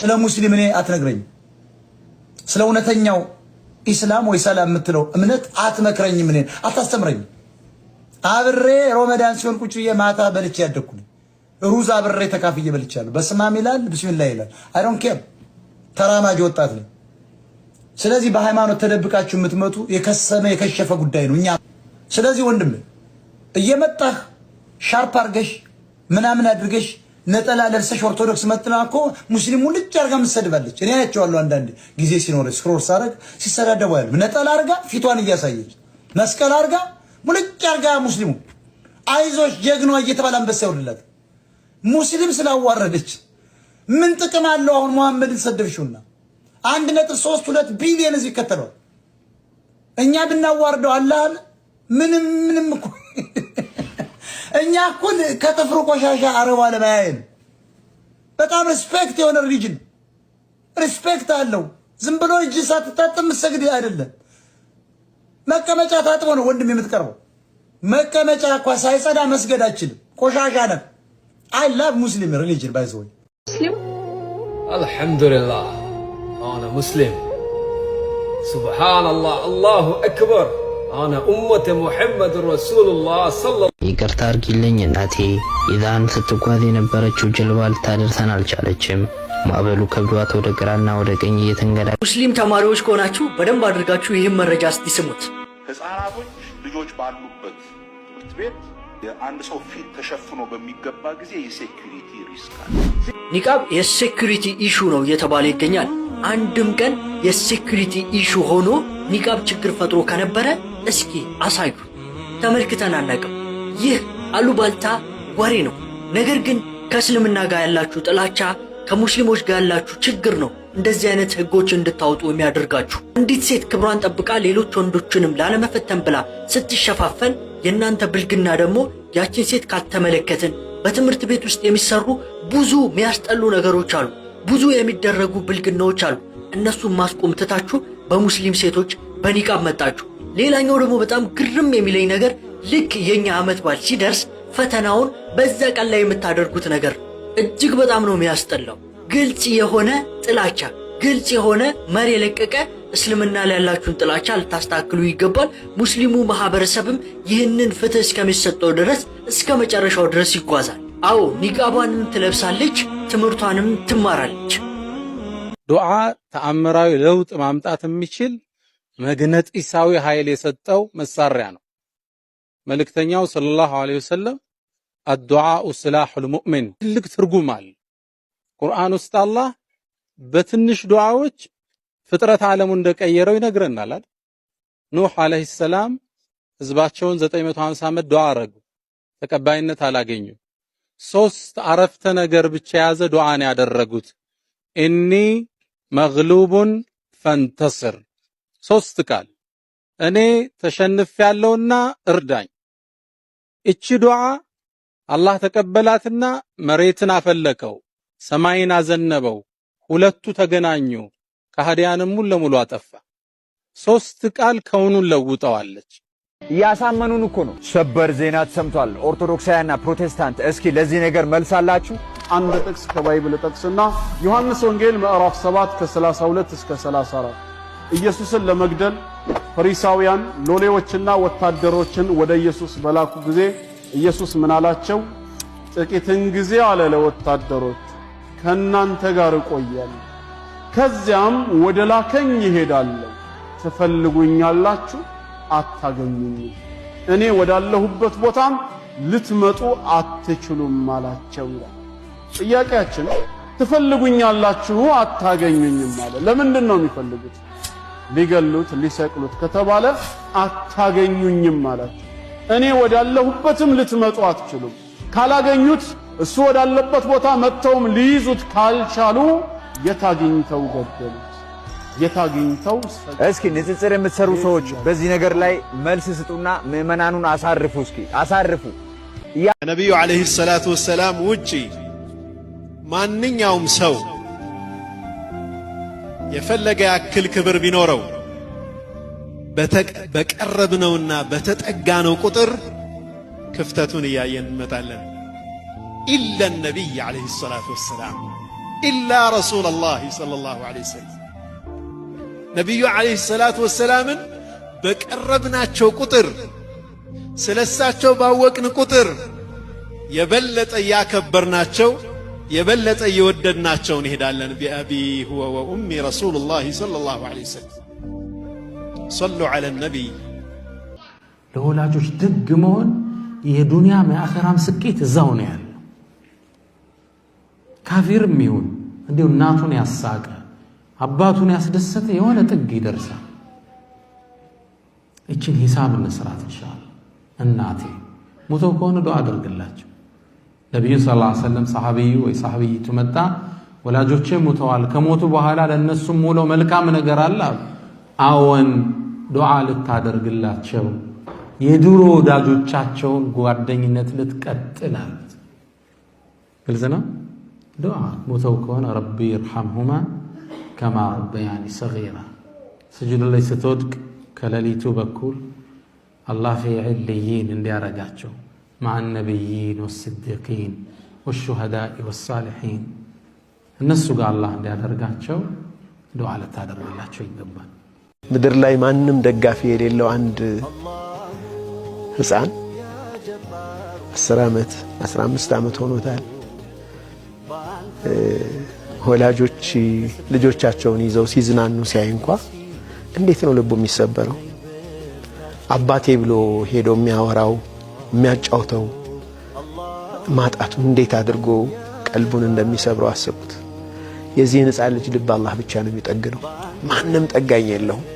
ስለ ሙስሊም እኔ አትነግረኝ። ስለ እውነተኛው ኢስላም ወይ ሰላም የምትለው እምነት አትመክረኝ። ምን አታስተምረኝ። አብሬ ሮመዳን ሲሆን ቁጭ ብዬ ማታ በልቼ ያደግኩ ሩዝ አብሬ ተካፍዬ በልቻለሁ። በስማም ይላል፣ ብስሚላ ይላል። ዶንት ኬር ተራማጅ ወጣት ነኝ። ስለዚህ በሃይማኖት ተደብቃችሁ የምትመጡ የከሰመ የከሸፈ ጉዳይ ነው እኛ። ስለዚህ ወንድም እየመጣህ ሻርፕ አርገሽ ምናምን አድርገሽ ነጠላ ለብሰሽ ኦርቶዶክስ መጥና እኮ ሙስሊሙ ልጅ አርጋ ምሰድባለች። እኔ አያቸዋለሁ አንዳንድ ጊዜ ሲኖር ስክሮል ሳረግ ሲሰዳደቡ ያሉ ነጠላ አርጋ ፊቷን እያሳየች መስቀል አርጋ ሙልጭ አርጋ ሙስሊሙ አይዞሽ ጀግኗ እየተባለ አንበሳ ያውልላት ሙስሊም ስላዋረደች ምን ጥቅም አለው? አሁን መሐመድን ሰደብሽውና አንድ ነጥብ ሶስት ሁለት ቢሊዮን እዚህ ይከተለዋል። እኛ ብናዋርደው አላህ ምንም ምንም እኮ እኛ እኩል ከጥፍሩ ቆሻሻ አረባ ለማያየን በጣም ሪስፔክት የሆነ ሪሊጅን ሪስፔክት አለው። ዝም ብሎ እጅ ሳትታጥብ የምትሰግድ አይደለም። መቀመጫ ታጥቦ ነው ወንድም የምትቀርበው። መቀመጫ እኳ ሳይጸዳ መስገድ አይችልም። ቆሻሻ ነን። አይ ላቭ ሙስሊም ሪሊጅን ባይ ወይ ሙስሊም አልሐምዱሊላህ አሁን ሙስሊም ሱብሃነላህ አላሁ አክበር አነ ኡመተ ሙሐመድ ረሱሉላህ ሰለላሁ ይቅርታ አርጊልኝ እናቴ፣ ኢዛን ስትጓዝ የነበረችው ጀልባ ልታደርሰን አልቻለችም። ማዕበሉ ከብዷት ወደ ግራና ወደ ቀኝ እየተንገዳ ሙስሊም ተማሪዎች ከሆናችሁ በደንብ አድርጋችሁ ይህም መረጃ ስትስሙት ህፃናቶች ልጆች ባሉበት ትምህርት ቤት የአንድ ሰው ፊት ተሸፍኖ በሚገባ ጊዜ የሴኩሪቲ ሪስክ አለ። ኒቃብ የሴኩሪቲ ኢሹ ነው እየተባለ ይገኛል። አንድም ቀን የሴኩሪቲ ኢሹ ሆኖ ኒቃብ ችግር ፈጥሮ ከነበረ እስኪ አሳዩ። ተመልክተን አናቅም። ይህ አሉባልታ ወሬ ነው። ነገር ግን ከእስልምና ጋር ያላችሁ ጥላቻ ከሙስሊሞች ጋር ያላችሁ ችግር ነው እንደዚህ አይነት ህጎች እንድታወጡ የሚያደርጋችሁ። አንዲት ሴት ክብሯን ጠብቃ ሌሎች ወንዶችንም ላለመፈተን ብላ ስትሸፋፈን፣ የእናንተ ብልግና ደግሞ ያችን ሴት ካልተመለከትን በትምህርት ቤት ውስጥ የሚሰሩ ብዙ የሚያስጠሉ ነገሮች አሉ፣ ብዙ የሚደረጉ ብልግናዎች አሉ። እነሱን ማስቆም ትታችሁ በሙስሊም ሴቶች በኒቃብ መጣችሁ። ሌላኛው ደግሞ በጣም ግርም የሚለኝ ነገር ልክ የኛ ዓመት በዓል ሲደርስ ፈተናውን በዛ ቀን ላይ የምታደርጉት ነገር እጅግ በጣም ነው የሚያስጠላው። ግልጽ የሆነ ጥላቻ፣ ግልጽ የሆነ መር የለቀቀ እስልምና ላይ ያላችሁን ጥላቻ ልታስተካክሉ ይገባል። ሙስሊሙ ማህበረሰብም ይህንን ፍትህ እስከሚሰጠው ድረስ እስከ መጨረሻው ድረስ ይጓዛል። አዎ ኒቃቧንም ትለብሳለች፣ ትምህርቷንም ትማራለች። ዱዓ ተአምራዊ ለውጥ ማምጣት የሚችል መግነጢሳዊ ኃይል የሰጠው መሳሪያ ነው። መልእክተኛው ሰለላሁ ዐለይሂ ወሰለም አዱዓኡ ስላሑል ሙእሚን ትልቅ ትርጉም አለ። ቁርአን ውስጥ አላህ በትንሽ ዱዓዎች ፍጥረት ዓለሙ እንደቀየረው ይነግረናል አይደል? ኑህ ዐለይሂ ሰላም ህዝባቸውን 950 ዓመት ዱዓ አረጉ፣ ተቀባይነት አላገኙም። ሶስት አረፍተ ነገር ብቻ የያዘ ዱዓን ያደረጉት ኢኒ መግሉቡን ፈንተስር ሶስት ቃል እኔ ተሸንፍ ያለውና እርዳኝ። እቺ ዱዓ አላህ ተቀበላትና መሬትን አፈለቀው፣ ሰማይን አዘነበው፣ ሁለቱ ተገናኙ፣ ከሃዲያንም ሙሉ ለሙሉ አጠፋ። ሶስት ቃል ከውኑን ለውጠዋለች። እያሳመኑን እኮ ነው። ሰበር ዜና ተሰምቷል። ኦርቶዶክሳውያንና ፕሮቴስታንት እስኪ ለዚህ ነገር መልስ አላችሁ? አንድ ጥቅስ ከባይብል ጥቅስና ዮሐንስ ወንጌል ምዕራፍ 7 ከ32 እስከ 34 ኢየሱስን ለመግደል ፈሪሳውያን ሎሌዎችና ወታደሮችን ወደ ኢየሱስ በላኩ ጊዜ ኢየሱስ ምን አላቸው? ጥቂትን ጊዜ አለ ለወታደሮች ከናንተ ጋር እቆያለሁ፣ ከዚያም ወደ ላከኝ ይሄዳለሁ። ትፈልጉኛላችሁ፣ አታገኙኝ። እኔ ወዳለሁበት ቦታም ልትመጡ አትችሉም አላቸው ይላል። ጥያቄያችን ትፈልጉኛላችሁ፣ አታገኙኝም አለ። ለምንድን ነው የሚፈልጉት? ሊገሉት ሊሰቅሉት ከተባለ አታገኙኝም ማለት እኔ ወዳለሁበትም ልትመጡ አትችሉም። ካላገኙት እሱ ወዳለበት ቦታ መጥተውም ሊይዙት ካልቻሉ የታግኝተው ገደሉት። የታግኝተው እስኪ ንጽጽር የምትሰሩ ሰዎች በዚህ ነገር ላይ መልስ ስጡና ምዕመናኑን አሳርፉ። እስኪ አሳርፉ። ከነቢዩ ዓለይሂ ሰላቱ ወሰላም ውጪ ማንኛውም ሰው يفلق ياكل كبر بينورو بقربنونا أجانو قطر كفتاتون يا ين إلا النبي عليه الصلاة والسلام إلا رسول الله صلى الله عليه وسلم نبي عليه الصلاة والسلام بكربنا شو قطر سلسات شو باوكن قطر يبلت أياك برنا شو የበለጠ እየወደድናቸው እንሄዳለን። ቢአቢ ሁወ ወኡሚ ረሱሉላሂ ሰለላሁ ዐለይሂ ወሰለም ሰሉ ዐለ ነቢይ። ለወላጆች ደግ መሆን የዱንያም የአኸራም ስኬት እዛው ነው ያለው። ካፊርም ይሁን እንዲሁ እናቱን ያሳቀ አባቱን ያስደሰተ የሆነ ጥግ ይደርሳል። እችን ሂሳብ እንስራት እንሻላ። እናቴ ሙተው ከሆነ ዱዓ አድርግላቸው። ነቢዩ ሰለላሁ ዐለይሂ ወሰለም ሰሐቢዩ ወይ ሰሐቢይቱ መጣ፣ ወላጆቼ ሞተዋል፣ ከሞቱ በኋላ ለእነሱም ውለው መልካም ነገር አለ። አዎን ዱዓ ልታደርግላቸው፣ የድሮ ወዳጆቻቸውን ጓደኝነት ልትቀጥል ግልጽ ነው። ዱዓ ሞተው ከሆነ ረቢ ይርሐምሁማ ከማ ረበያኒ ሰጊራ። ስጁድ ላይ ስትወድቅ ከሌሊቱ በኩል አላህ ፊ ዕልይን እንዲያረጋቸው መዓ ነቢይን ወስዲቂን ወሹሀዳኢ ወሳሊሒን እነሱ ጋር አላህ እንዲያደርጋቸው ዱዓ ልታደርግላቸው ይገባል። ምድር ላይ ማንም ደጋፊ የሌለው አንድ ሕፃን አስር ዓመት አስራ አምስት ዓመት ሆኖታል። ወላጆች ልጆቻቸውን ይዘው ሲዝናኑ ሲያይ እንኳ እንዴት ነው ልቡ የሚሰበረው? አባቴ ብሎ ሄዶ የሚያወራው የሚያጫውተው ማጣቱ እንዴት አድርጎ ቀልቡን እንደሚሰብረው አስቡት። የዚህን ሕፃን ልጅ ልብ አላህ ብቻ ነው የሚጠግነው። ማንም ጠጋኝ የለውም።